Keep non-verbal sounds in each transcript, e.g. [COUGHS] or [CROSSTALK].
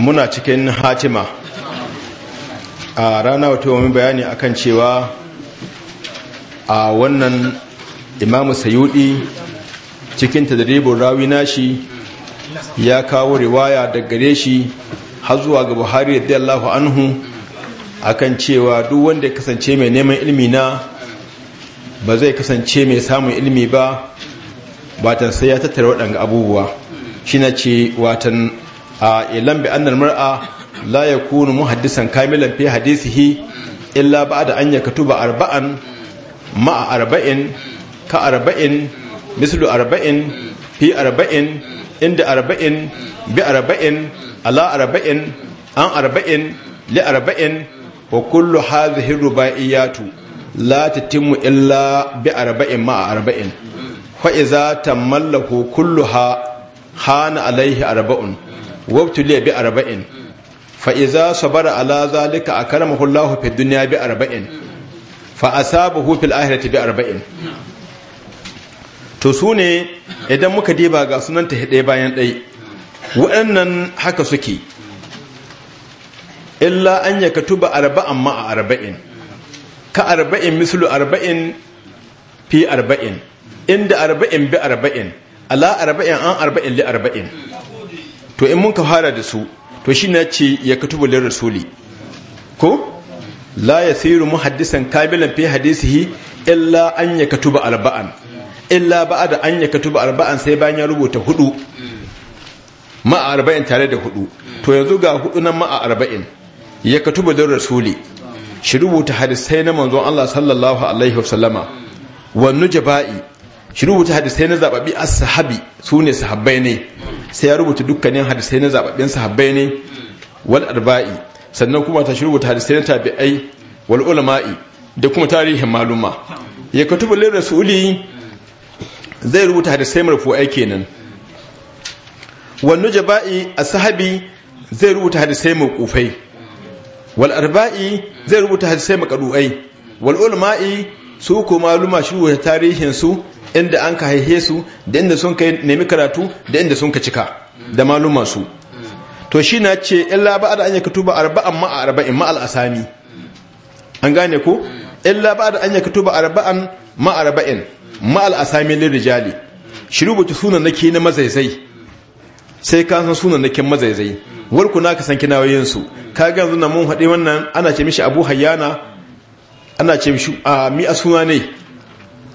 muna cikin hatima a rana wata wani bayani akan cewa a wannan imamu sayudi cikin tadribin rawi nashi ya kawo riwaya da gare shi har zuwa ga buhari Allahu anhu akan cewa duk wanda ya kasance mai neman ilmi na ba zai kasance mai samun ilmi ba ba ta sai ya tattara waɗanga abubuwa shi na ce watan ilan bi annal mar'a la yakunu muhaddisan kamilan fi hadisihi illa ba'da an yaktuba arba'an ma'a arba'in ka arba'in mislu arba'in fi arba'in inda arba'in bi arba'in ala arba'in an arba'in li arba'in wa kullu hadhihi rubaiyatu la tatimmu illa bi arba'in ma'a arba'in fa iza tamallahu kulluha hana alaihi arba'un wabtuliya bi arba'in fa iza sabara ala zalika akramahu Allahu fid dunya bi arba'in fa asabahu fil akhirati bi arba'in to su ne idan muka diba ga sunan ta hade bayan dai waɗannan haka suke illa an yakatuba arba'an ma'a arba'in ka arba'in mislu arba'in fi arba'in inda arba'in bi arba'in ala arba'in an arba'in li arba'in to in mun ka fara da su to shi na ce ya katubu lir rasuli ko la yasiru muhaddisan kabilan fi hadisihi illa an ya katuba arba'an illa ba'da an ya katuba arba'an sai bayan ya rubuta hudu a arba'in tare da hudu to yanzu ga hudu nan a arba'in ya katuba lir rasuli shi rubuta hadisai na manzon Allah sallallahu alaihi wasallama wa nujaba'i shi rubuta hadisai na zababbi a sahabi su ne sahabbai ne sai ya rubuta dukkanin hadisai na zababbin sahabbai ne wal arba'i sannan kuma ta shi rubuta hadisai na tabi'ai wal ulama'i da kuma tarihin maluma ya katubu lir rasuli zai rubuta hadisai marfu'ai kenan wannu jaba'i a sahabi zai rubuta hadisai kufai wal arba'i zai rubuta hadisai kadu'ai wal ulama'i su kuma maluma shi rubuta tarihin su inda an ka haihe su da inda sun ka nemi karatu da inda sun ka cika da maluma su to shi na ce illa ba da an yi katuba arba'an ma arba'in ma al'asami an gane ku illa ba da an yi katuba arba'an ma arba'in ma al'asami lil rijali shi rubuta sunan nake na mazaizai sai ka san sunan nake mazaizai warku na ka san kinawoyin su ka ga yanzu na mun haɗe wannan ana ce mishi abu hayyana ana ce mishi a mi a suna ne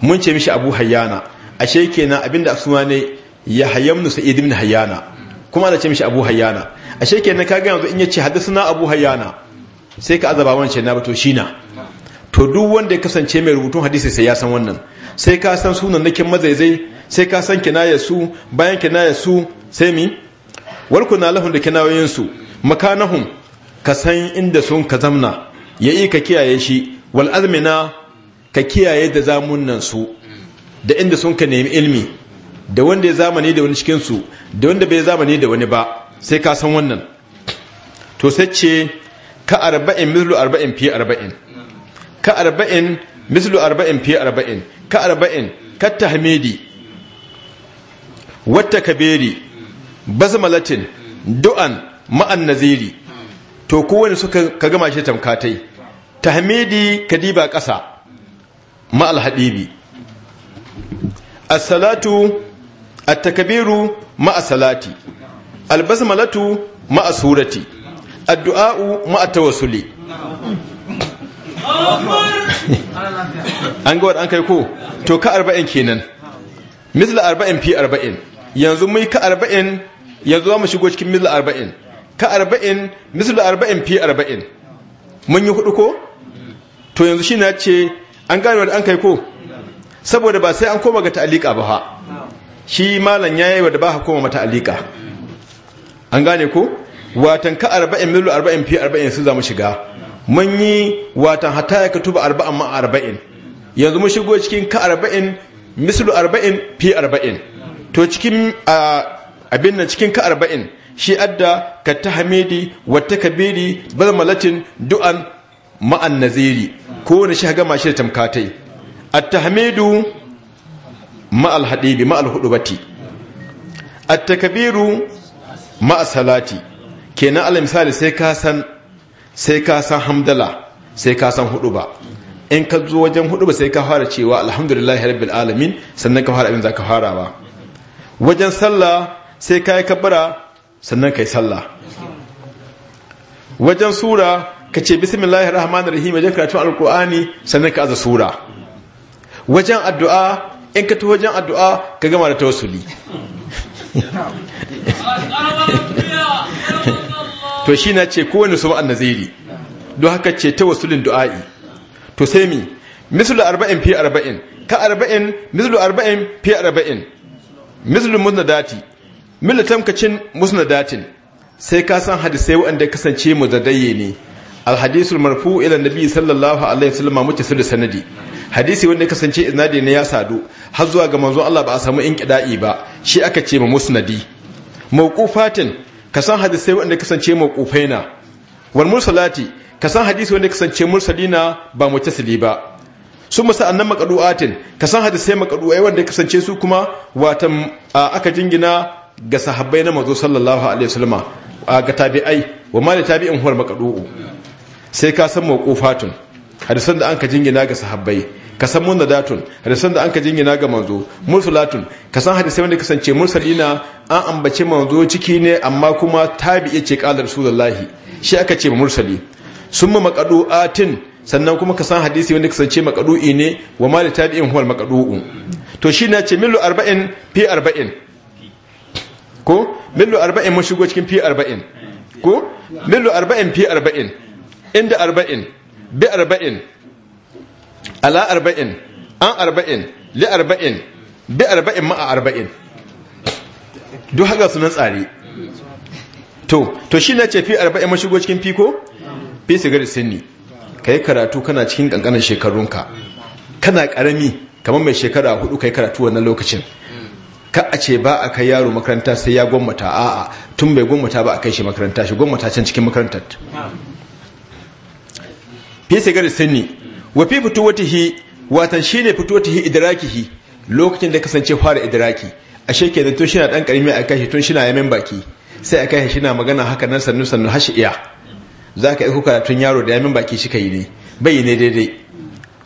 mun ce mishi abu hayyana ashe kenan abinda a suna ne ya hayyamnu sa'id ibn hayyana kuma ana ce mishi abu hayyana ashe kenan kaga yanzu in yace haddathana abu hayyana sai ka azaba ce na bato na. to duk wanda ya kasance mai rubutun hadisi sai ya san wannan sai ka san sunan nakin mazaizai sai ka san kinayar su bayan kinayar su sai mi warku na lahun da kinayoyin su makanahum ka san inda sun ka zamna ya yi ka kiyaye shi wal azmina ka kiyaye da zamunan su da inda sun ka nemi ilmi da wanda ya zamani da wani cikin su da wanda bai zamani da wani ba sai ka san wannan to sai ce ka arba'in mislu arba'in fi arba'in ka arba'in mislu arba'in fi arba'in ka arba'in ka tahmidi wata kaberi basmalatin du'an ma'an naziri to kowane suka ka gama shi tamkatai tahmidi kadiba ƙasa Ma habibi as-salatu at-takbiru ma'a salati al-basmalatu ma'a surati addu'a'u ma'a tawassuli an ga wadda an kai ko to ka arba'in kenan misla arba'in fi arba'in yanzu mai ka arba'in yanzu za mu shigo cikin misla arba'in ka arba'in misla arba'in fi arba'in mun yi hudu ko to yanzu shi na ce an gane wanda an kai ko saboda ba sai an koma ga ta'alika ba ha shi malan yi wadda ba ha koma mata'alika an gane ko watan ka 40 milu 40 fi 40 sun zama shiga mun yi watan hata ya ba 40 ma 40 yanzu mun shigo cikin ka 40 mislu 40 fi 40 to cikin abin nan cikin ka 40 shi adda ka tahmidi wa takbiri bazmalatin du'an ma'an naziri kowane shi gama shi da tamkatai at-tahmidu ma al-hadibi ma al-hudubati at ma'al ma as-salati kenan alal misali sai ka san sai ka san hamdala sai ka san huduba in ka zo wajen huduba sai ka fara cewa alhamdulillahi rabbil alamin sannan ka fara abin zaka ba. wajen sallah sai ka yi kabbara sannan ka yi sallah wajen sura ka ce bismillahir rahmanir rahim wajen karatun alkur'ani sannan ka aza sura wajen addu'a in ka ta wajen addu'a ka gama da tawassuli to shi na ce kowane su ma'an naziri don haka ce tawassulin du'a'i to sai mi mislu arba'in fi arba'in ka arba'in mislu arba'in fi arba'in mislu musnadati da tamkacin datin sai ka san hadisai waɗanda kasance mu zadaye ne alhadisul marfu ila nabi sallallahu alaihi wasallam da sanadi hadisi wanda kasance isnadi ne ya sadu har zuwa ga manzo Allah ba a samu inqida'i ba shi aka ce ma musnadi mawqufatin kasan hadisi wanda kasance mawqufai na wal mursalati kasan hadisi wanda kasance mursalina ba muttasili ba su musa annan maqdu'atin kasan hadisai maqdu'ai wanda kasance su kuma watan aka jingina ga sahabbai na manzo sallallahu alaihi wasallam ga tabi'ai wa mali tabi'in huwal makaduu. sai ka san mawqufatun hadisan da an ka jingina ga sahabbai ka san mundadatun hadisan da an ka jingina ga manzo mursalatun ka san hadisai wanda kasance mursalina an ambace manzo ciki ne amma kuma tabi'i ce qala rasulullahi shi aka ce mursali summa maqduatin sannan kuma ka san hadisi wanda kasance maqadu'i ne wa ma tabi'in huwal maqadu'u to shi na ce millu 40 fi 40 ko millu 40 mun shigo cikin fi 40 ko millu 40 fi 40 inda arba'in bi arba'in ala arba'in an arba'in li arba'in bi arba'in ma'a arba'in duk haka sunan tsari to to shi na ce fi arba'in mashigo cikin fiko fi sigari sinni ka yi karatu kana cikin ƙanƙanin shekarunka kana ƙarami kamar mai shekara hudu ka yi karatu wannan lokacin ka a ce ba a kai yaro makaranta sai ya gwamnata a'a tun bai gwamnata ba a kai shi makaranta shi gwamnata can cikin makarantar fi sigar sinni wa fi fituwatihi watan shine fituwatihi idrakihi lokacin da kasance fara idraki ashe kenan tun na dan karimi a shi tun shina yamin baki sai akan shi shina magana haka nan sannu sannu hashi iya zaka yi kuka tun yaro da yamin baki shi kai ne bai ne daidai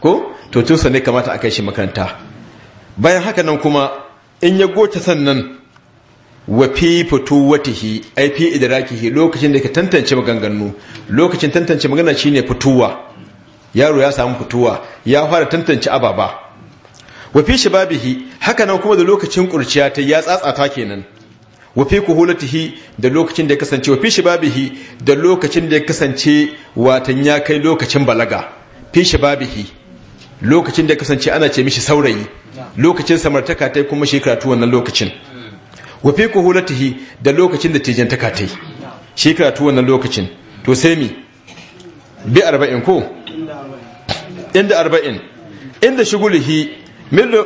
ko to tun sannu kamata akai shi makaranta bayan haka nan kuma in ya goce sannan wa fi fituwatihi ai fi idrakihi lokacin da ka tantance maganganu lokacin tantance magana shine fituwa yaro ya samu fituwa ya fara tantance ababa wafi shibabihi haka nan kuma da lokacin kurciya ta ya tsatsata kenan wafi kuhulatihi da lokacin da ya kasance wafi shibabihi da lokacin da ya kasance watan ya kai lokacin balaga fi shibabihi lokacin da ya kasance ana ce mishi saurayi lokacin samartaka ta kuma shi karatu wannan lokacin wafi kuhulatihi da lokacin da tijantaka ta shi karatu wannan lokacin to sai mi bi arba'in ko inda arba'in inda shigulihi millu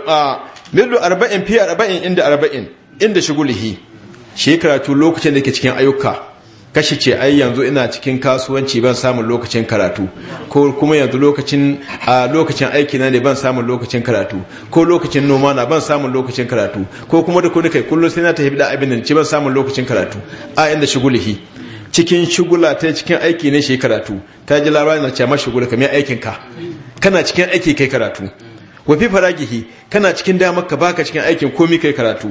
arba'in fi arba'in inda arba'in inda shigulihi shi karatu lokacin da ke cikin ayyuka kashi ce ai yanzu ina cikin kasuwanci ban samun lokacin karatu ko kuma yanzu lokacin lokacin aiki na ne ban samun lokacin karatu ko lokacin noma na ban samun lokacin karatu ko kuma da kuni kai kullum sai na tafi da abin da ci ban samun lokacin karatu a inda shigulihi cikin shigula ta cikin aiki ne shi karatu ta ji labarin na ce ma shigula kamar aikin ka kana cikin aiki kai karatu wa fi faragihi kana cikin damar ka baka cikin aikin komi kai karatu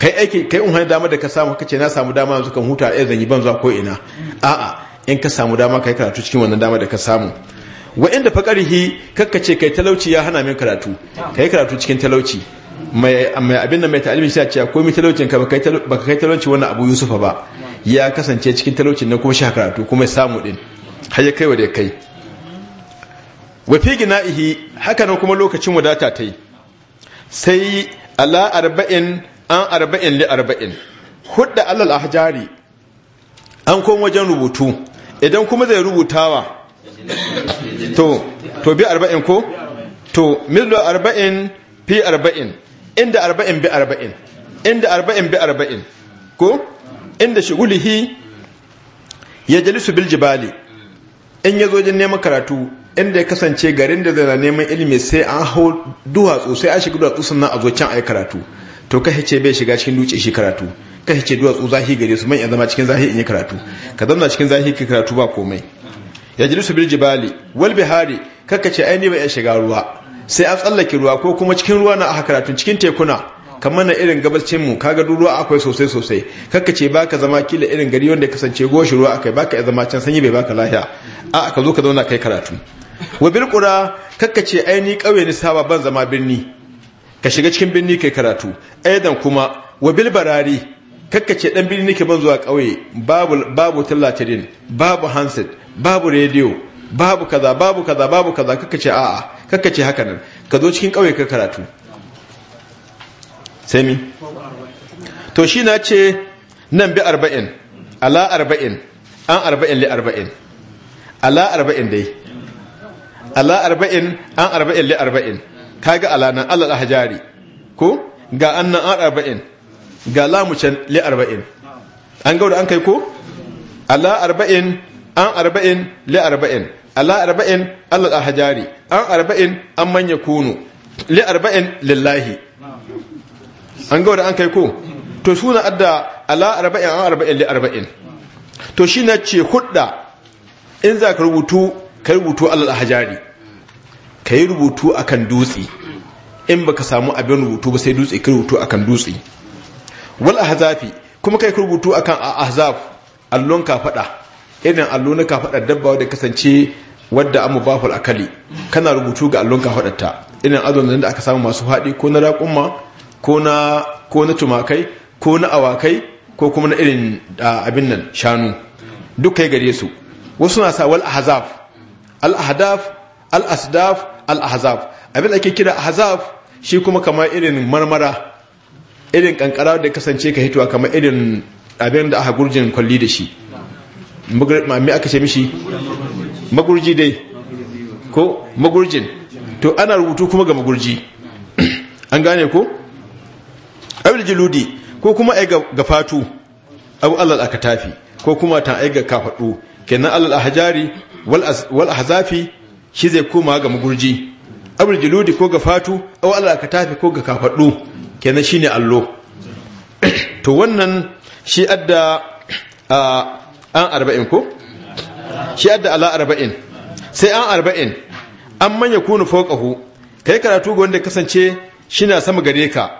kai aiki kai in hanyar damar da ka samu kace na samu dama yanzu kan huta a eh, zan yi ban zuwa ko ina a'a in ka samu dama kai karatu cikin wannan dama da ka samu wa inda faqarihi kakkace kai talauci ya hana min karatu kai karatu cikin talauci mai abin da mai ta'alimi shi ce komai talaucin ka baka kai talauci wannan abu yusufa ba ya kasance cikin talaucin na kuma shi karatu kuma ya samu din har ya kai wa da kai wafi gina'ihi hakanan kuma lokacin wadata ta yi sai ala arba'in an arba'in li arba'in hudda alal ahjari an kon wajen rubutu idan kuma zai rubutawa to to bi arba'in ko to millo arba'in fi arba'in inda arba'in bi arba'in inda arba'in bi arba'in ko inda shigulihi ya jalisu biljibali in ya zo jin neman karatu inda ya kasance garin da zana neman ilimi sai an hau duwatsu sai an shiga duwatsu sannan a zo can ai karatu to kai ce bai shiga cikin dutse shi karatu kai ce duwatsu zahi gare su man ya zama cikin zahi in yi karatu ka zama cikin zahi ki karatu ba komai ya jilisu bil jibali wal bihari kaka ce aini ni bai shiga ruwa sai an tsallake ruwa ko kuma cikin ruwa na aka karatu cikin tekuna kamar na irin gabacin mu kaga ruwa akwai sosai sosai Kaka ce baka zama kila irin gari wanda kasance goshi ruwa akai baka ya zama can sanyi bai baka lahiya a ka zo ka zauna kai karatu wa bil kakka ce aini kauye ni saba ban zama birni ka shiga cikin birni kai karatu aidan kuma wa bilbarari. kakka ce dan birni ke ban zuwa kauye babu babu tallatirin babu handset babu radio babu kaza babu kaza babu kaza ce a'a ce haka nan ka zo cikin kauye kai karatu sai mi to shi na ce nan bi arba'in ala arba'in an arba'in li arba'in ala arba'in dai ala arba'in an arba'in li arba'in kaga ala nan alal hajari ko ga annan an arba'in ga lamucan li arba'in an gauda an kai ko ala arba'in an arba'in li arba'in ala arba'in alal hajari an arba'in an manya kunu li arba'in lillahi an gauda an kai ko to suna adda ala arba'in an arba'in li arba'in to shi na ce hudda in za ka rubutu ka rubutu alal hajari ka yi rubutu akan dutse in ba ka samu abin rubutu ba sai dutse ka rubutu akan dutse wal ahzafi kuma ka yi rubutu akan ahzaf allon ka fada irin allo na ka fada dabba da kasance wadda amma bafal akali kana rubutu ga allon ka fadarta irin azon da aka samu masu haɗi ko na raƙumma ko na tumakai ko na awakai ko kuma na irin abin nan shanu duk kai gare su wasu na sa wal ahzaf al-ahdaf al-asdaf al-ahzab abin ake kira ahzab shi kuma kamar irin marmara irin kankara da kasance ka hitowa kamar irin abin da aka gurjin kwalli da shi mai aka ce mishi magurji dai ko magurjin to ana rubutu kuma ga magurji [CLEARS THROAT] an gane ko abin jiludi ko kuma ai ga fatu abu allal aka tafi ko kuma ta ai ga kafaɗu kenan allal hajari. wal ahzafi shi zai koma ga mugurji abul juludi ko ga fatu aw Allah ka tafi ko ga kafaddu kenan shine allo [COUGHS] to wannan shi adda an arba'in ko shi adda ala 40 sai an arba'in an manya kunu fawqahu kai karatu ga wanda kasance shi na sama gare ka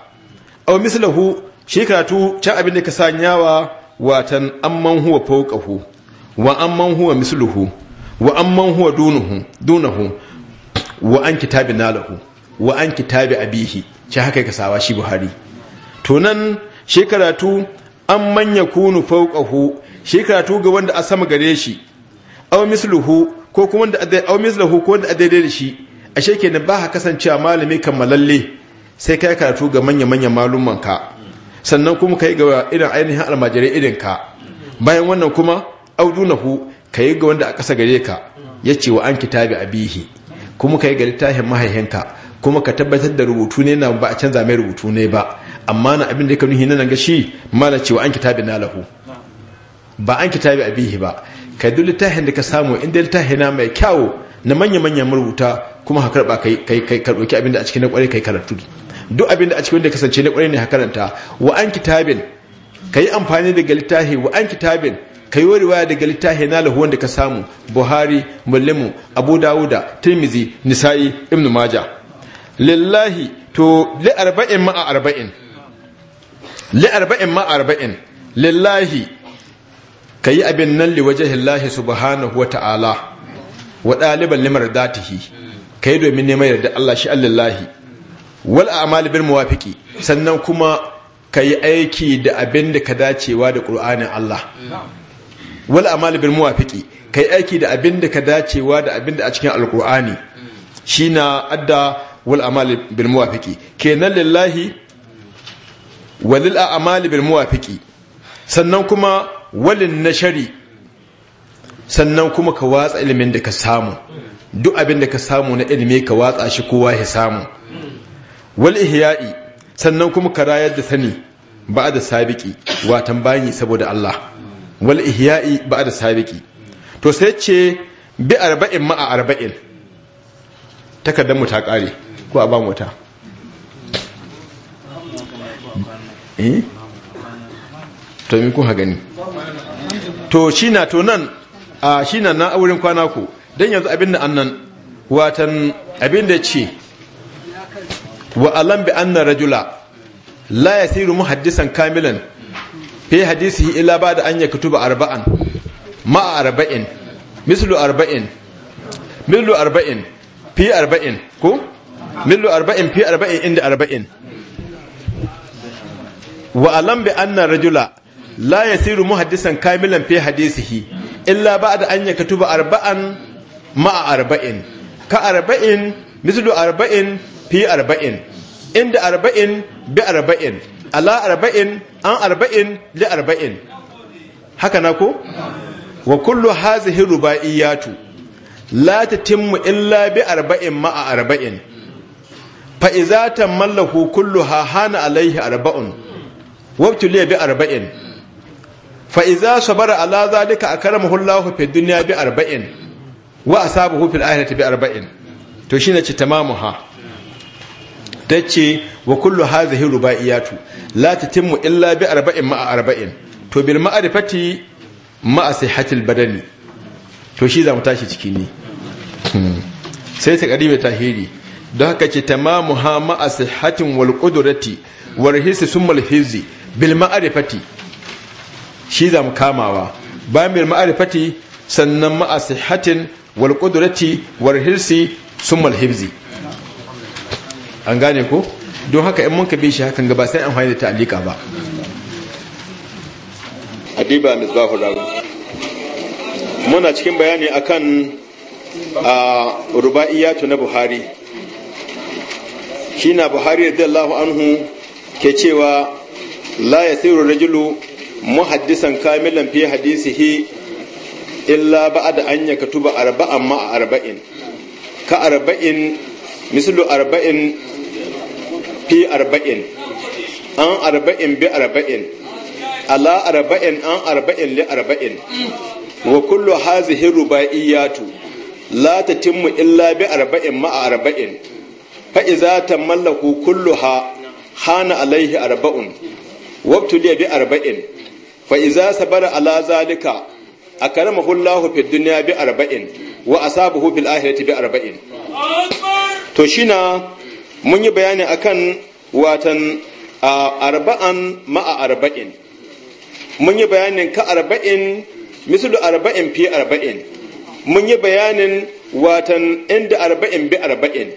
aw mislahu shi karatu can abin da ka sanyawa watan amman huwa fawqahu wa amman huwa misluhu wa man huwa dunahu wa an kitabi nalahu wa an kitabi abihi ce haka ka sawa shi buhari tunan shekaratu an manya kunu fauƙahu shi ga wanda a sama gare shi au misluhu ko wanda adai da shi ashe na ba ka kasancewa malami malalle sai kai karatu ga manya manya maluman ka sannan kuma kai ga irin ainihin almajirai irin ka bayan wannan kuma audunahu ka yi ga wanda a ƙasa gare ka ya ce wa an kitabi abihi kuma ka yi ga littafin mahaihinka kuma ka tabbatar da rubutu ne na ba a canza mai rubutu ne ba amma na abin da ya nuhi nan ga shi mana wa an kitabi na lahu ba an kitabi abihi ba ka duk littafin da ka samu inda littafin na mai kyawu na manya-manyan marubuta kuma ka karba kai karɓoki abin da a cikin na ka yi karatu duk abin da a cikin da kasance na ƙwarai ne ka karanta wa an kitabin ka yi amfani da galitahi wa an kitabin Kai yi riwaya daga littafi na lahu da ka samu buhari mulimu abu dawuda tirmizi nisa'i ibn maja lillahi to li arba'in ma arba'in li arba'in ma arba'in lillahi ka yi abin nan li waje hillahi subhanahu wa ta'ala wa ɗaliban limar datihi kai yi domin neman yarda Allah shi lillahi. wal a'mal bil muwafiqi sannan kuma ka yi aiki da abin da ka dacewa da ƙur'anin Allah wal amal bil muwafiqi kai aiki da abin da ka dacewa da abin da a cikin alqur'ani shina adda wal amal bil muwafiqi kenan lillahi walil a'mal bil muwafiqi sannan kuma walin nashari sannan kuma ka watsa ilimin da ka samu duk abin da ka samu na ilimi ka watsa shi kowa ya samu wal ihya'i sannan kuma ka rayar da sani ba da sabiki watan bani saboda Allah wal ihya'i ba'da sabiqi to sai ce bi arba'in ma'a arba'in takardar mu ta kare ko a ba mu ta eh to min kun hagani to shi na to nan a shi na na kwana ku don yanzu abin da annan watan abin da ce wa alam bi anna rajula la yasiru muhaddisan kamilan fi hadisihi illa ba da an ya kutuba arba'an ma arba'in mislu arba'in millu arba'in fi arba'in ko millu arba'in fi arba'in inda arba'in wa alam bi anna rajula la yasiru muhaddisan kamilan fi hadisihi illa ba ba'da an yaktuba arba'an ma arba'in ka arba'in mislu arba'in fi arba'in inda arba'in bi arba'in ala arba'in an arba'in li arba'in haka na ko wa kullu hazihi rubaiyatu la tatimmu illa bi arba'in ma'a arba'in fa idza tamallahu kulluha hana alaihi arba'un wabtuliya bi arba'in fa idza sabara ala zalika akramahu Allahu fi dunya bi arba'in wa asabahu fil akhirati bi arba'in to shine ci ha. tace wa kullu hadhihi rubaiyatu la tatimmu illa bi arba'in ma arba'in to bil ma'rifati ma'a sihhatil badani to shi za mu tashi ciki ne hmm. sai ta kadi mai tahiri don haka ce tamamu ha ma'a sihhatin wal qudrati wal hisi summa hizi bil ma'rifati shi za mu kamawa ba bil ma'rifati sannan ma'a sihhatin wal qudrati wal hisi summa hizi hibzi an gane ko don haka in mun ka bi shi hakan ga ba sai an da ta'alika ba adiba misbahu rawi muna cikin bayani akan a ruba'iyatu na buhari shi na buhari radiyallahu anhu ke cewa la yasiru rajulu muhaddisan kamilan fi hadisihi illa ba'da an yaktuba arba'an ma arba'in ka arba'in mislu arba'in fi arba'in an arba'in bi arba'in ala arba'in an arba'in li arba'in wa kullu hazihi rubaiyatu la tatimmu illa bi arba'in ma arba'in fa idza tamallaku kulluha hana alaihi arba'un wabtuliya bi arba'in fa idza sabara ala zalika akramahu Allah fi dunya bi arba'in wa asabahu fil akhirati bi arba'in to shina mun yi bayani akan watan arba'an ma'a arba'in mun yi bayanin ka arba'in misalu arba'in fi arba'in mun yi bayanin watan inda arba'in bi arba'in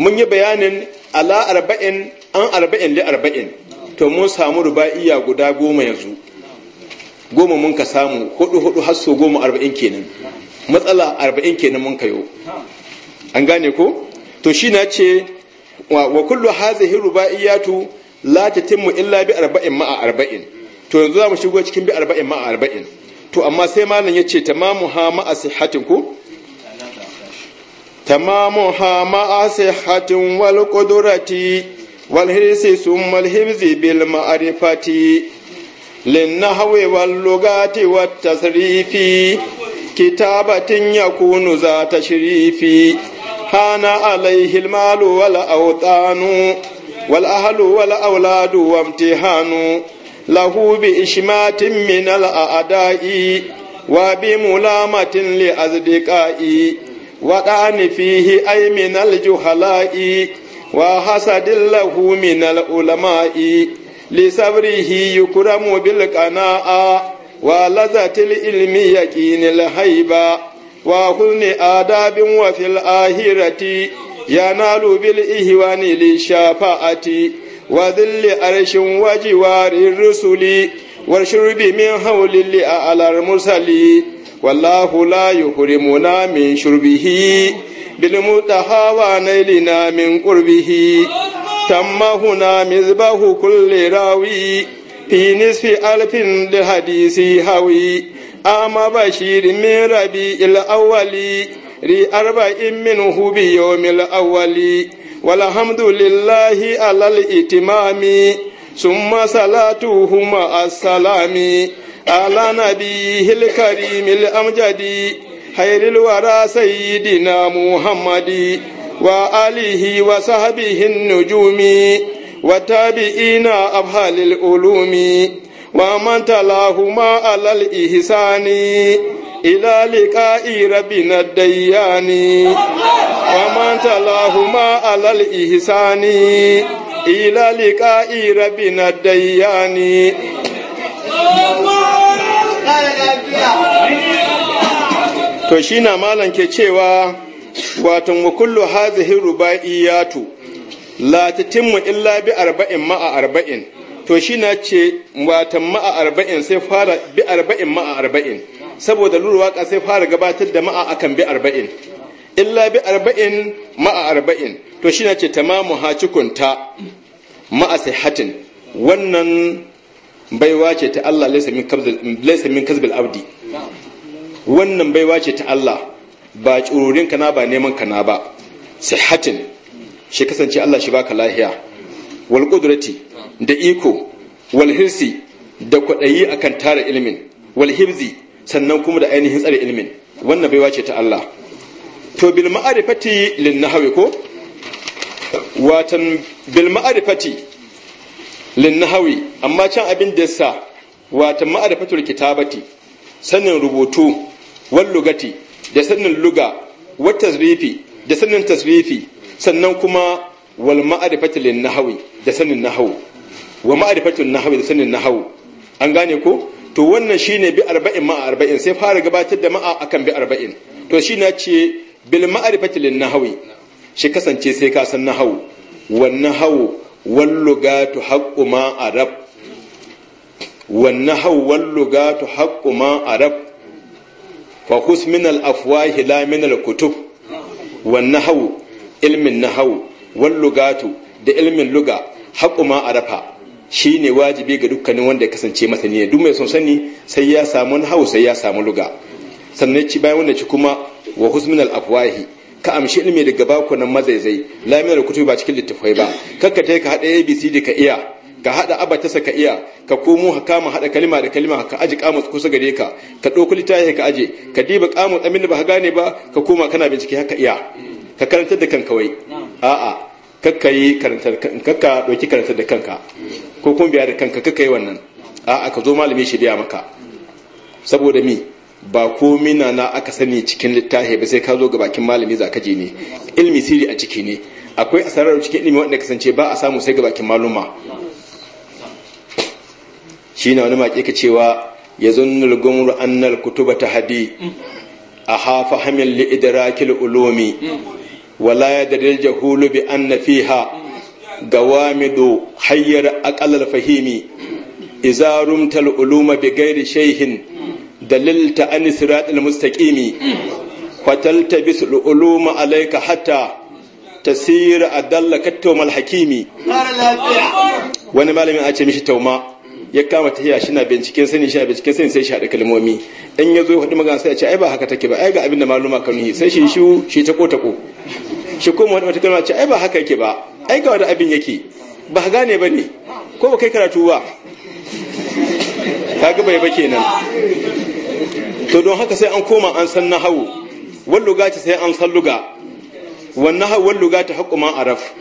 mun yi bayanin ala arba'in an arba'in li arba'in to mun samu ruba'iya guda goma yanzu goma mun ka samu hudu hudu har so goma arba'in kenan matsala arba'in kenan mun ka yau. an gane ko to shi na ce wa kullu hadhihi rubaiyatu la tatimmu illa bi arba'in ma'a arba'in to yanzu za mu shigo cikin bi arba'in ma'a arba'in to amma sai malam yace tamamu ha ma'a sihhatin ku tamamu ha ma'a sihhatin wal qudrati wal hirsi summa al himzi bil ma'rifati lin nahwi wal lugati wat tasrifi kitabatin yakunu za tashrifi هان عليه المال والأوطان والأهل والأولاد وامتهان له بإشمات من الأعداء وبملامة لأصدقاء وطعن فيه أي من الجهلاء وحسد له من العلماء لصبره يكرم بالقناعة ولذة العلم يكين الهيبه wa husni adabin wa fil ahirati yanalu bil ihwani li shafa'ati wa dhilli arshin wajiwari rusuli wal shurbi min hawlin li a'lar mursali wallahu la yuhrimuna min shurbihi bil mutahawa nailina min qurbihi tamma huna mizbahu kulli rawi fi nisfi alfin li hadisi hawi ama bashir min rabi al awali. ri in minhu bi yawm al awali. walhamdulillahi alal itimami summa salatuhu assalami as-salami ala nabiyil karimil amjadi khairil wara sayidina muhammadi wa alihi wa sahbihi nujumi wa tabi'ina abhalil ulumi ومن تلاهما على الإحسان إلى لقاء ربنا الديان ومن تلاهما على الإحسان إلى لقاء ربنا الديان to shi na malam ke cewa watan wa kullu hadhihi rubaiyatu la tatimmu illa bi arba'in ma'a arba'in to shi na ce watan ma'a arba'in sai fara bi arba'in ma'a arba'in saboda lura sai fara gabatar da ma'a akan bi arba'in illa bi arba'in ma'a arba'in to shi na ce ta mamu hacikunta ma'a sihatin wannan baiwa ce ta Allah laisa min kasbil abdi wannan baiwa ce ta Allah ba tsururin kana ba neman kana ba sihatin shi kasance Allah shi baka lahiya wal qudrati da iko wal hirsi da kwadayi akan tara ilimin wal himzi sannan kuma da ainihin tsare ilimin wannan baiwa ce ta Allah to bil ma'arifati lin nahwi ko watan bil ma'arifati lin nahwi amma can abin da yasa watan ma'arifatul kitabati sanin rubutu wal lugati da sanin luga wa tasrifi da sanin tasrifi sannan kuma wal ma'arifati lin nahwi da sanin nahwu wa ma'arifatun nahwi da sanin nahwu an gane ko to wannan shine bi arba'in ma arba'in sai fara gabatar da ma'a akan bi arba'in to shi na ce bil ma'arifati lin nahwi shi kasance sai ka san nahwu wan nahwu wal lugatu haqqu ma arab wan nahwu wal lugatu haqqu ma arab fa khus min al afwahi la min al kutub wan nahwu ilmin nahwu wan lugatu da ilmin luga haƙu ma arafa shi ne wajibi ga dukkanin wanda ya kasance masani ne duk mai son sani sai ya samu hau sai ya samu luga sannan ci bayan wannan ci kuma wa husmin al-afwahi ka amshi ilmi daga bakunan mazaizai laminar kutubi ba cikin littafai ba kakka ta ka haɗa abcd ka iya ka haɗa abatasa ka iya ka komo ka kama haɗa kalima da kalima ka aji kamus kusa gare ka ka ɗauki littafi ka aje ka diba kamus abin da ba ka gane ba ka koma kana bincike haka iya ka karanta da kan kawai a'a kakka yi karanta kakka ɗauki karanta da kanka ko kuma biya da kanka kakka yi wannan a'a ka zo malami shi biya maka saboda mi ba ko na na aka sani cikin littafi ba sai ka zo ga bakin malami zaka ka je ne ilmi siri a ciki ne akwai asarar cikin ilmi wanda kasance ba a samu sai ga bakin maluma shi na wani maƙi ka cewa ya zunnul gumru annal kutuba ta hadi a hafa hamil li idrakil ulumi wala ya dalil jahulu bi anna fiha gawamidu hayyar aqalal fahimi idza rumta al uluma bi ghairi shayhin dalilta an siratal mustaqimi fataltabis al uluma alaika hatta tasir adalla katawmal hakimi wani malamin a ce mishi tauma ya kama ta shi na binciken sani shi na binciken sani sai shi haɗa kalmomi in ya zo ya faɗi magana sai ya ce ai ba haka take ba ai ga abin da maluma kanu yi sai shi shi shi ta ko shi kuma wani wata kalma ce ai ba haka yake ba ai ga wani abin yake ba ka gane ba ne ko ba kai karatu ba ka gaba ba kenan to don haka sai an koma an san nahawu wal lugati sai an san luga wan nahawu wal lugati haqqu ma araf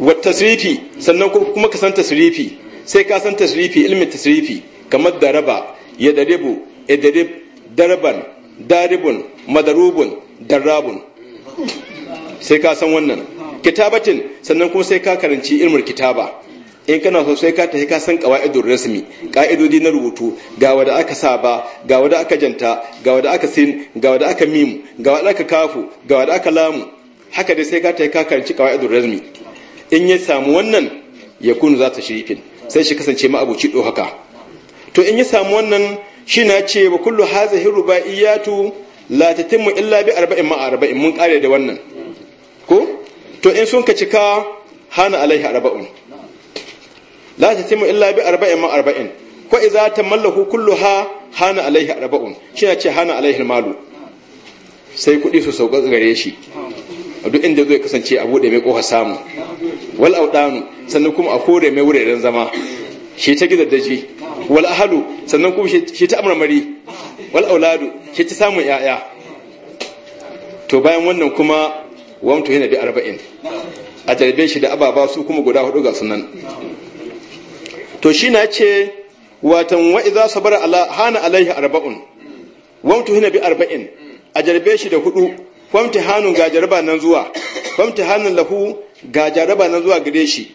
wat tasrifi sannan kuma ka san tasrifi sai ka san tasrifi ilmin tasrifi kamar daraba ya daribu idarib daraban daribun madarubun darabun sai ka san wannan kitabatin sannan kuma sai ka karanci ilmin kitaba in kana so sai ka tafi ka san qawaidul rasmi qaidodi na rubutu ga wanda aka saba ga wanda aka janta ga wanda aka sin ga wanda aka mim ga wanda aka kafu ga wanda aka lamu haka dai sai ka tafi ka karanci qawaidul rasmi in ya samu wannan kunu za ta shirifin sai shi kasance ma'abuci haka to in yi samu wannan shi na ce ba kullu hazihi rubaiyatu la tatimmu illa bi arba'in ma arba'in mun kare da wannan ko to in sun ka cika hana alaihi arba'un la tatimmu illa bi arba'in ma arba'in ko idza tamallahu ha hana alaihi arba'un shi na ce hana alaihi malu sai kuɗi su sauka gare shi a duk inda zai kasance a bude mai kofar samu wal audanu sannan kuma a kore mai wuraren zama shi ta daji wal ahalu sannan kuma shi ta amramari wal auladu shi ta samun yaya to bayan wannan kuma wamtu yana bi arba'in a jarbe shi da ababa su kuma guda hudu ga sunan to shi na ce watan wa idza sabara ala hana alaihi arba'un wamtu hina bi arba'in a jarbe shi da hudu famta hannun ga jaraba nan zuwa famta hannun lahu ga jaraba nan zuwa gare shi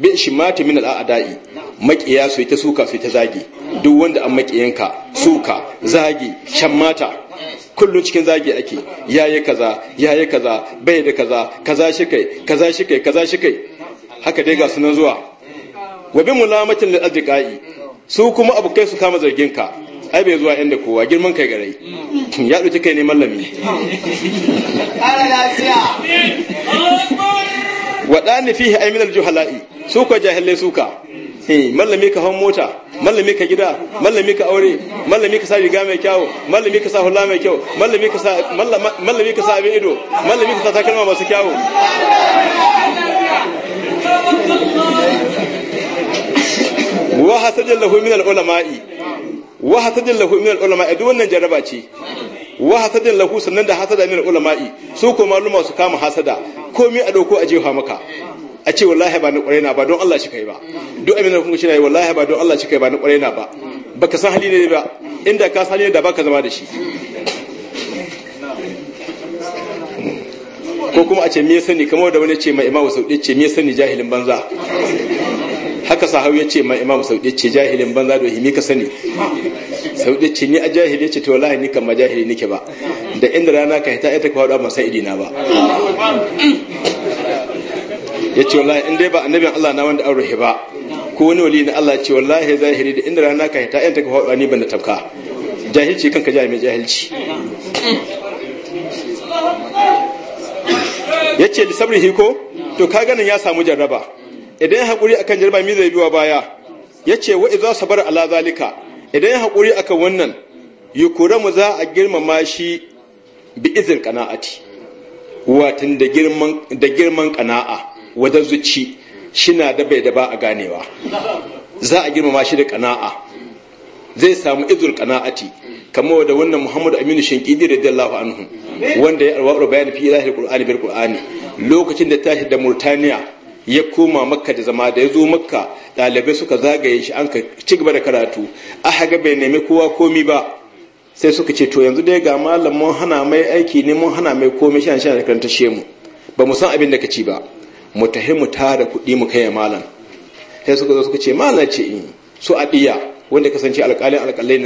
bi shi mata min al'adai makiya su ta suka su ta zagi duk wanda an makiyanka suka zagi shan mata kullum cikin zagi ake yayi kaza yayi kaza bai da kaza kaza shi kai kaza shi kai kaza shi kai haka dai ga sunan zuwa wa bi mulamatin lil adqai su kuma abokai su kama zargin ka ai bai zuwa inda kowa girman kai garai ya ɗauki kai ne mallami waɗanda fi aiminal juhala'i su ka jahilai suka mallami ka hau mota mallami ka gida mallami ka aure mallami ka sa riga mai kyau mallami ka sa hula mai kyau mallami ka sa mallami ka sa abin ido mallami ka sa takalma masu kyau wa hasajallahu min al-ulama'i wa hasadin lahu min ulama duk wannan jaraba ce wa hasadin lahu sannan da hasada min ulama'i su ko maluma su kama hasada komai a dauko a jefa maka a ce wallahi ba ni kwarai na ba don Allah shi kai ba duk amin da kuma shi wallahi ba don Allah shi kai ba ni kwarai na ba baka san hali ne ba inda ka san hali ne da baka zama da shi ko kuma a ce me sani kamar da wani ce mai imamu saudi ce me sani jahilin banza haka sa ya ce ma imam sauɗi ce jahilin banza da himi ka sani sauɗi ce ni a jahili ce to wallahi ni kama jahili nike ba da inda rana ka hita ita ka faɗa masa idina ba ya ce wallahi in dai ba annabin Allah na wanda an ruhi ba ko wani wali na Allah ce wallahi zahiri da inda rana ka hita ita ka faɗa ni ban da tafka jahilci kanka jahil mai jahilci ya ce da sabri hiko to ka ganin ya samu jarraba idan ya haƙuri akan jarba mi zai biwa baya ya ce wa iza sabar ala zalika idan ya haƙuri akan wannan yukuramu za a girmama shi bi izin qana'ati watan da girman da girman qana'a wadan zuci da bai da ba a ganewa za a girmama shi da qana'a zai samu izul qana'ati kama da wannan Muhammadu Aminu Shinkidi radiyallahu anhu wanda ya arwa bayani fi da qur'ani bil qur'ani lokacin da tashi da Murtaniya ya koma makka da zama da ya zo makka ɗalibai suka zagaye shi an ka ci gaba da karatu a haga bai nemi kowa komi ba sai suka ce to yanzu dai ga malam mun hana mai aiki ne mun hana mai komi shan shan karanta she mu ba mu san abin da kace ba mu tahi mu tara kuɗi mu kai malam sai suka zo suka ce malam ce in su adiya wanda kasance alƙalin alƙalai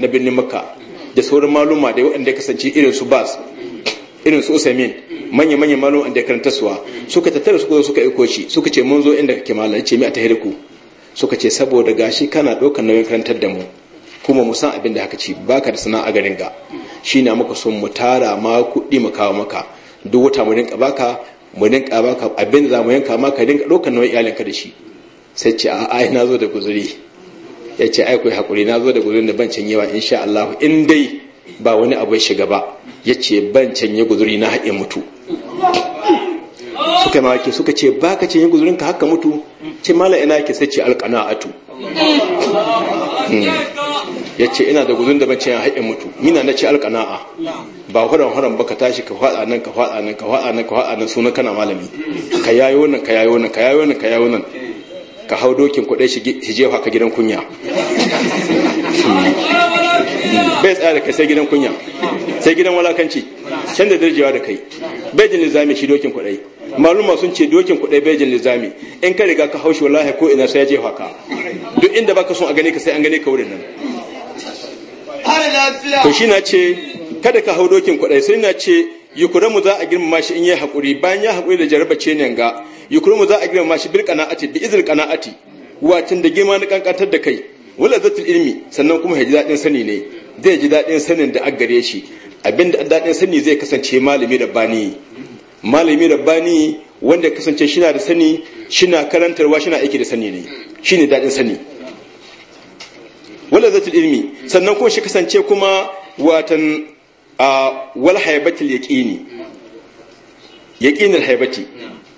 na birnin makka da sauran maluma da waɗanda kasance irin su bas irin su usaimin manya manya malaman da karanta suwa suka tattara suka suka aiko shi suka ce mun zo inda kake malam ce mi a ku suka ce saboda gashi kana ɗaukar nauyin karantar da mu kuma mu san abin da haka ci baka da sana'a garin ga na muka son mu tara ma kuɗi mu kawo maka duk wata mu rinka baka mu rinka baka abin za mu yanka maka rinka ɗaukar nauyin iyalinka da shi sai ce a na zo da guzuri ya ai ku hakuri na zo da guzuri da ban can insha Allah in dai ba wani abu shiga ba ya ce ban canye guzuri na haɗe mutu suka yi mawaki suka ce ba ka canye guzurin ka haka mutu ce mala ina ke sai ce alƙana'atu hmm. ya ce ina da guzun da ban canye haɗe mutu mina na ce a ba horon haram ba ka tashi ka faɗa nan ka faɗa nan ka faɗa nan ka faɗa nan suna kana malami ka yayo nan ka yayo nan ka yayo nan ka yayo nan ka hau dokin kuɗai shi jefa ka gidan kunya hmm. bai tsaya da kai sai gidan kunya sai gidan walakanci can da darjewa da kai bai jin nizami shi dokin kuɗai maluma sun ce dokin kuɗai bai jin nizami in ka riga ka haushi wallahi ko ina sai ya jefa ka duk inda baka son a gane ka sai an gane ka wurin nan to shi na ce kada ka hau dokin kuɗai sai na ce yukuramu za a girmama shi in yi haƙuri bayan ya haƙuri da jaraba ce ne ga yukuramu za a girmama shi bil qana'ati bi izil qana'ati watin da girma na kankantar da kai wala zatul ilmi sannan kuma ya ji daɗin sani ne zai ji daɗin sanin da an gare shi abinda an daɗin sani zai kasance malami da bani malami da bani wanda kasance shi na da sani shi na karantarwa shi na aiki da sani ne shi ne daɗin sani wala zatul ilmi sannan kuma shi kasance kuma watan a wal haibatul yaqini yaqinul haibati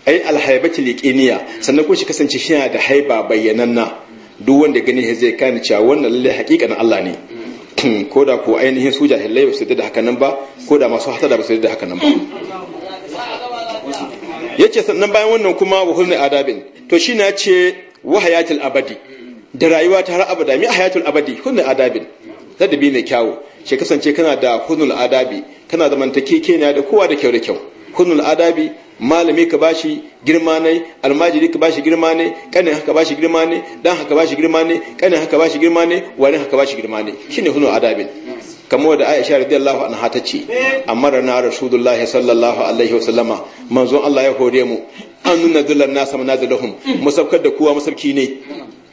ai al haibatul yaqiniya sannan kuma shi kasance shi na da haiba bayyananna duk wanda gani zai kani cewa wannan lallai hakika na Allah ne [CLEARS THROAT] ko da ko ainihin su jahilai ba su da haka nan ba ko da masu hasada ba su da haka nan ba yace sannan bayan wannan kuma wa hulni adabin to shi na ce wa hayatul abadi da rayuwa ta har abada mi hayatul abadi hulni adabin ladabi ne kyawu shi kasance kana da hulnul adabi kana zamantake keniya da kowa da kyau da kyau kunul adabi malami ka bashi girma ne almajiri ka bashi girma ne kanin haka bashi girma ne dan haka bashi girma ne kanin haka bashi girma ne wani haka bashi girma ne shine hunul adabin kamar da Aisha radiyallahu anha ta ce amara na rasulullahi sallallahu alaihi wa wasallama manzon Allah ya hore mu an nuna dullan nasa manazilahum musabkar da kowa musabki ne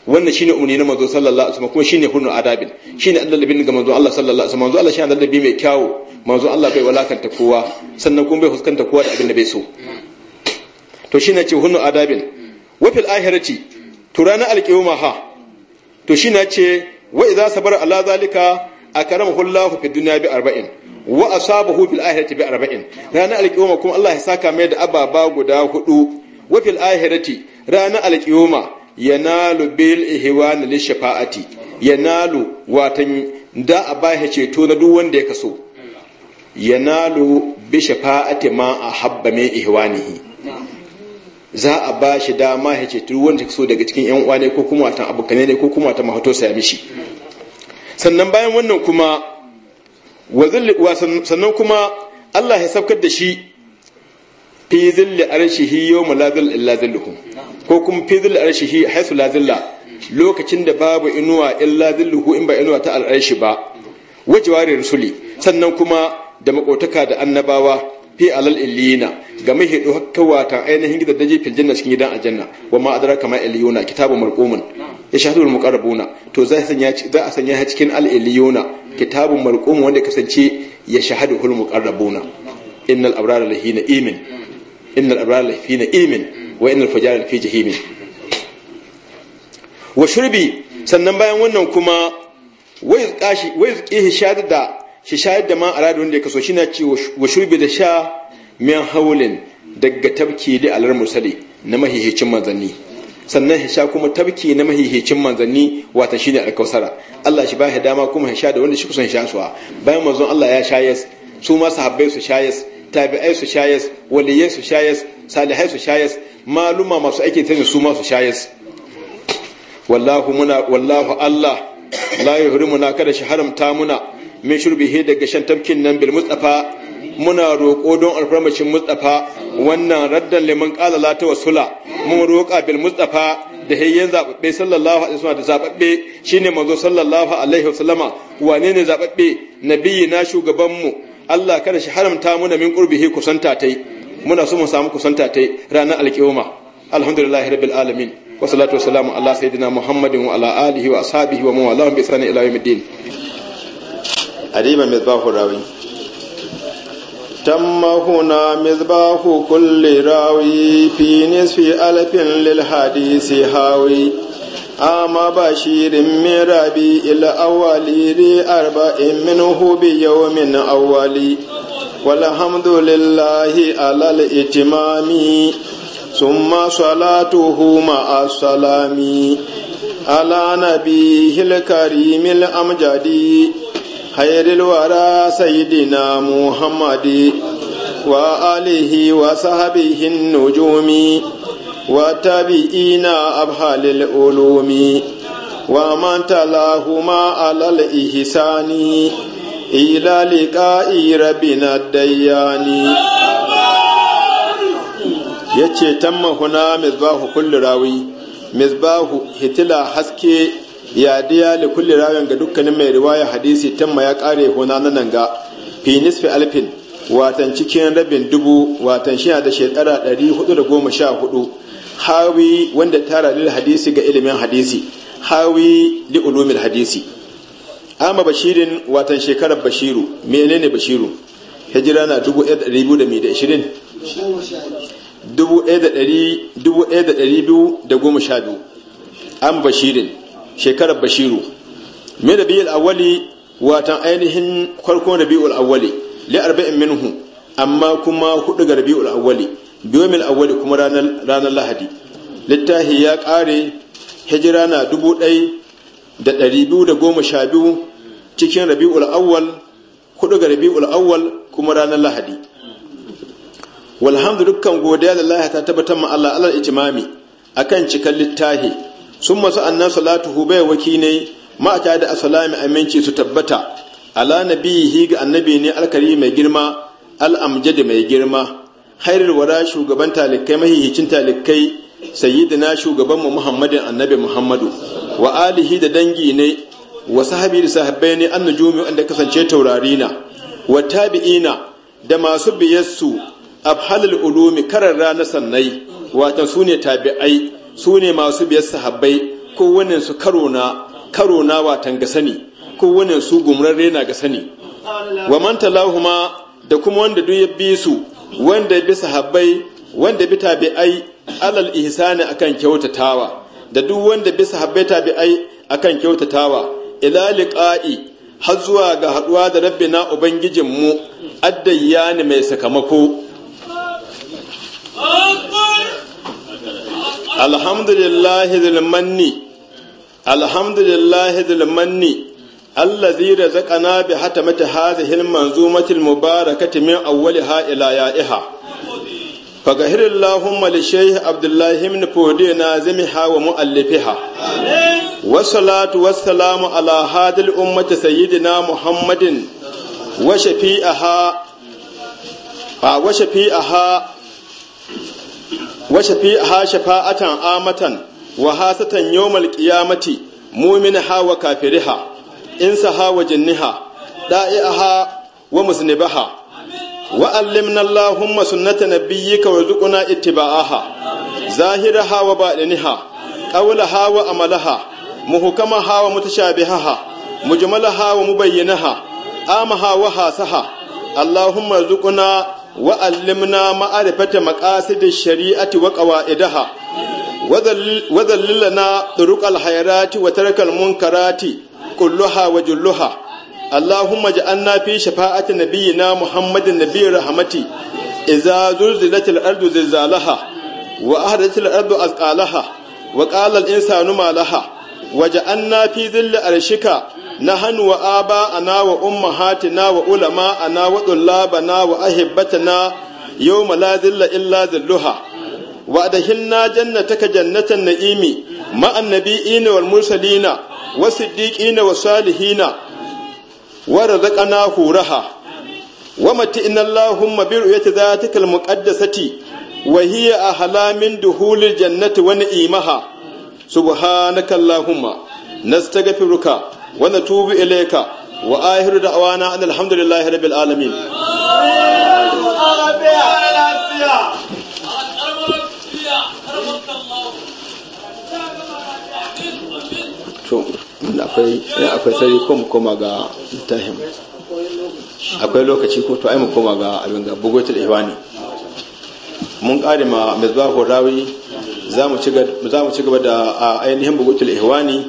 wannan shine umni na manzo sallallahu alaihi wasallam kuma shine hurnu adabin shine adalabin ga manzo Allah sallallahu alaihi wasallam manzo Allah shine adalabi mai kyawu manzo Allah bai walakanta kowa sannan kuma bai fuskanta kowa da abin da bai so to shine ce hurnu adabin wa fil ahirati to ranar alqiyama ha to shine ce wa idza sabara ala zalika akramahu Allah fi dunya bi arba'in wa asabahu fil ahirati bi arba'in ranar alqiyama kuma Allah ya saka mai da ababa guda hudu wa fil ahirati ranar alqiyama yanalu bil ihwan li shafa'ati yanalu watan da a bashi ceto na duk wanda ya kaso yanalu bi shafa'ati ma ahabba min ihwanihi za a ba shi dama ya ceto wanda ya kaso daga cikin yan uwa ne ko kuma watan abukane ne ko kuma watan mahato sa mishi sannan bayan wannan kuma sannan kuma Allah ya saukar da shi fi zilli arshihi yawma la zilla illa zilluhu ko kuma fi zilli arshihi haythu la zilla lokacin da babu inuwa illa zilluhu in ba inuwa ta al'arshi ba wa jawari rusuli sannan kuma da makotaka da annabawa fi alal illiyina ga mahidu hakkawa ainihin gidan daji fil janna cikin gidan aljanna wa ma adraka ma illiyuna kitabun marqumun ya shahadu shahadul muqarrabuna to za a sanya za a sanya cikin al illiyuna kitabun marqum wanda kasance ya shahadul muqarrabuna innal abrara lahina imin innal abrar fi na'imin wa innal fujjar fi jahimin wa shurbi sannan bayan wannan kuma wai kashi wai qihi da shi da ma wanda ya kaso shi na ce wa shurbi da sha min haulin daga tabki a alar musali na mahihicin sannan kuma tabki na mahihicin manzanni wata shine alkausara Allah shi ba shi dama kuma hisha da wanda shi kusan hisha suwa bayan manzon Allah ya shayas su ma sahabbai su shayas tabi'ai su shayas waliyai su shayas salihai su shayas maluma masu aiki ta su ma su shayas wallahu muna wallahu Allah la yuhrimuna kada shi haramta muna min shurbihi daga shan tamkin nan bil mustafa muna roƙo don alfarmacin mustafa wannan raddan liman qala la wasula mun roƙa bil mustafa da hayyan zababbe sallallahu alaihi wasallam da zababbe shine manzo sallallahu alaihi wasallama wane ne zababbe nabiyyi na shugabanmu Allah kada shi haramta muna min qurbihi kusanta tai muna so mu samu kusanta tai ranar alkiyama alhamdulillahi rabbil alamin wa salatu wassalamu ala sayidina muhammadin wa ala alihi wa ashabihi wa man walahum bi ihsani ila yawmiddin adiba mizbahu rawi تم هنا مذباح كل راوي في alfin ألف hadisi هاوي ama bashirin min rabi ila awali li arba'in minhu bi yawmin awali walhamdulillahi alal itimami summa salatuhu ma'a salami ala nabihil karimil amjadi hayril wara sayyidina muhammadi wa alihi wa sahbihi nujumi وتابعين أبهال العلوم ومن تلاهما على الإحسان إلى لقاء ربنا الديان yace tamma huna mizbahu kulli rawi mizbahu hitila haske ya diya li kulli rawin ga dukkanin mai riwaya hadisi ma ya kare huna nan ga fi alfin watan cikin rabin dubu watan shi da shekara 414 hawi wanda tara lil hadisi ga ilimin hadisi hawi li ulumil hadisi amma bashirin watan shekarar bashiru menene bashiru hijira na 1220 1212 amma bashirin shekarar bashiru mai da biyar awali watan ainihin farkon rabi'ul awali li arba'in minhu amma kuma hudu ga rabi'ul awali biyomin awwali kuma ranar lahadi littafi ya kare hijira na dubu ɗai da ɗari biyu da goma sha biyu cikin rabi'ul awwal kudu ga rabi'ul awwal kuma ranar lahadi walhamdu dukkan godiya da lahata ta tabbatar ma Allah itimami akan cikan littafi sun masu annan salatu bai waki ne ma'ata da asalami aminci su tabbata ala nabiyihi ga annabi ne alkari mai girma al'amjadi mai girma hairul wara shugaban talikai mahihicin talikai sayyidina shugaban mu muhammadin annabi muhammadu wa alihi da dangi ne wa sahabi da sahabbai ne an nujumi wanda kasance taurari na wa tabi'ina da masu biyassu abhalul ulumi karar rana sannai watan su ne tabi'ai su ne masu biyar sahabbai ko wannan su karo na watan ga sani ko wannan su gumrarre na ga sani wa man talahuma da kuma wanda duk ya bi su wanda bi sahabbai wanda bi tabi'ai alal ihsani akan kyautatawa da duk wanda bi sahabbai tabi'ai akan kyautatawa ila liqa'i har zuwa ga haduwa da rabbina ubangijin mu addayyani mai sakamako alhamdulillahi dhil manni alhamdulillahi dhil manni allazi da zaka na bi hata mata hazi hin manzu matil mubaraka ta min awwali ha ila ya iha faga hirillahumma li shaykh ibn fodi na zimi ha wa muallifiha wa salatu wa salamu ala hadil ummati sayyidina muhammadin wa shafa'atan amatan wa hasatan yawmal qiyamati mu'mina ha wa kafiriha ha in saha wa jinniha da'i'aha wa musnibaha wa allimna allahumma sunnata nabiyyika warzuqna ittiba'aha zahiraha wa batiniha qawlaha wa amalaha muhkamaha wa mutashabihaha mujmalaha wa mubayyinaha amaha wa hasaha allahumma rzuqna wa allimna ma'arifata maqasidish shari'ati wa qawa'idaha وذللنا hayrati wa وترك المنكرات kulluha wa julluha Allahumma ja'alna fi shafa'ati nabiyyina Muhammadin nabiyyir rahmati idza zulzilatil ardu zilzalaha wa insanu ma laha wa ja'alna fi dhilli arshika nahnu wa aba'ana wa ummahatina wa illa وأدخلنا جنتك جنة النعيم مع النبيين والمرسلين والصديقين والصالحين ورزقناه رها ومتئنا اللهم برؤية ذاتك المقدسة وهي أهلا من دخول الجنة ونئيمها سبحانك اللهم نستغفرك ونتوب إليك وآخر دعوانا أن الحمد لله رب العالمين to da akwai in akwai sai ko mu koma ga littafin akwai lokaci ko to ai mu koma ga abin ga bugotul ihwani mun kare ma mizbahu rawi za mu ci gaba da ainihin bugotul ihwani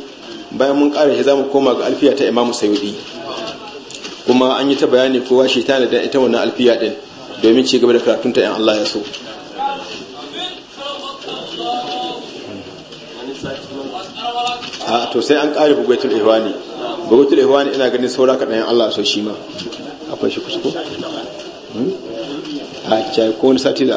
bayan mun kare shi za mu koma ga alfiya ta imamu sayudi kuma an yi ta bayani kowa shi tana da ita wannan alfiya din domin ci gaba da karatunta in Allah ya so to sai an ƙari bugwetul ihwani bugwetul ihwani ina ganin saura kaɗan Allah so shi ma akwai shi kusko hmm? a cikin wani sati da